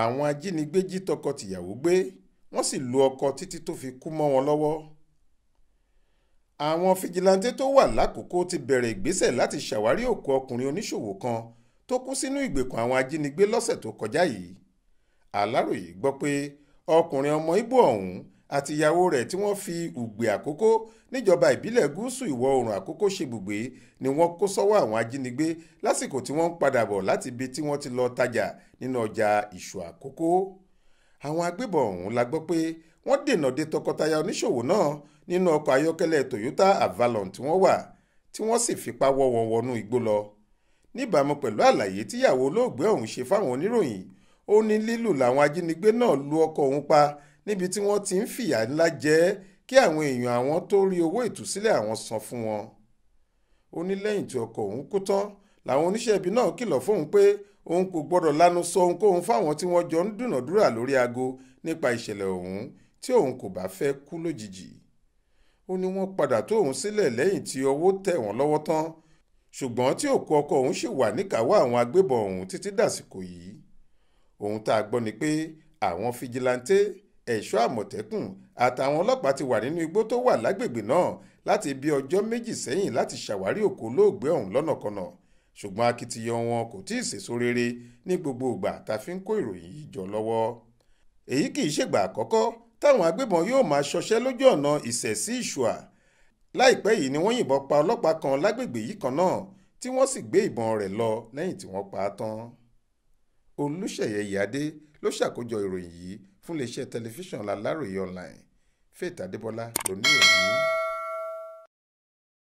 àwọn ajínigbé jí tọkọ-tìyàwó gbé wọ́n sì lu ọkọ títí tó fi kú mọ́ wọn lọ́wọ́ àwọn fìjìláńtẹ́ tó wà lákòókò ti bẹ̀rẹ̀ ìgbésẹ̀ láti ṣàwárí òkú ọkùnrin oníṣòwò kan tó kú sínú ìgbèkùn àwọn ajínigbé lọ́sẹ̀ tó kọjá yìí aláròye gbọ́ pé ọkùnrin ọmọ Ìgbò ọ̀hún àtìyàwó rẹ̀ tí wọ́n fi Ùgbè Àkókó níjọba ìbílẹ̀ gúúsù ìwọ̀ oòrùn Àkókó ṣebùgbé ni wọ́n kó sọ́wọ́ àwọn ajínigbé lásìkò tí wọ́n ń padà bọ̀ láti ibi tí wọ́n ti lọ tajà nínú ọjà Ìṣù Àkókó àwọn agbébọn ọ̀hún la gbọ́ pé wọ́n dènà de tọkọtaya oníṣòwò náà nínú ọkọ̀ ayọ́kẹ́lẹ́ Toyota Avalon tí wọ́n wà tí wọ́n sì fipá wọ́ wọn wọnú igbó lọ níbàámu pẹ̀lú àlàyé tíyàwó olóògbé ọ̀hún ṣe fáwọn oníròyìn ó ní níbi tí wọ́n ti ń fìyà ńlá jẹ kí àwọn èèyàn àwọn tó rí owó ìtúsílẹ̀ àwọn san fún wọn ó ní lẹ́yìn tí ọkọ òun kú tán làwọn oníṣẹ́ ibi náà kìlọ̀ fóun pé òun kò gbọ́dọ̀ lanu sọ ohunkóhun fáwọn tí wọ́n jọ ń dúnàdúrà lórí aago nípa ìṣẹ̀lẹ̀ ọ̀hún tí òun kò bá fẹ́ kú lójijì ó ní wọ́n padà tó òun sílẹ̀ lẹ́yìn tí ọwọ́ tẹ̀ wọ́n lọ́wọ́ tán ṣùgbọ́n tí òkú ọkọ òun ṣì wà níkàáwọ́ àwọn agbébọn ọ̀hún títí dàsìkò yìí ohun tá a gbọ́ ni pé àwọn fijilantẹ́ ẹ̀ṣọ́ àmọ̀tẹ́kùn àtàwọn ọlọ́pàá ti wà nínú igbó tó wà lágbègbè náà láti bí ọjọ́ méjì sẹ́yìn láti ṣàwárí òkú olóògbé ọ̀hún lọ́nàkọnà ṣùgbọ́n akitiyan wọn kò tí ì sèso rere ní gbogbo ìgbà tá a fi ń kó ìròyìn yìí jọ lọ́wọ́ èyí kì í ṣègbà àkọ́kọ́ táwọn agbébọn yóò máa ṣọṣẹ́ lójú ọ̀nà ìṣẹ̀sí ìṣùà láìpẹ́ yìí ni wọ́n yìnbọn pa ọlọ́pàá kan lágbègbè yìí kan náà tí wọ́n sì gbé ìbọn rẹ̀ lọ lẹ́yìn tí wọ́n pa á tán olùṣeyẹ ìyáde ló ṣàkójọ ìròyìn yìí fún iléeṣẹ́ tẹlifíṣàn aláròye online faith adébọlá lónìí òní.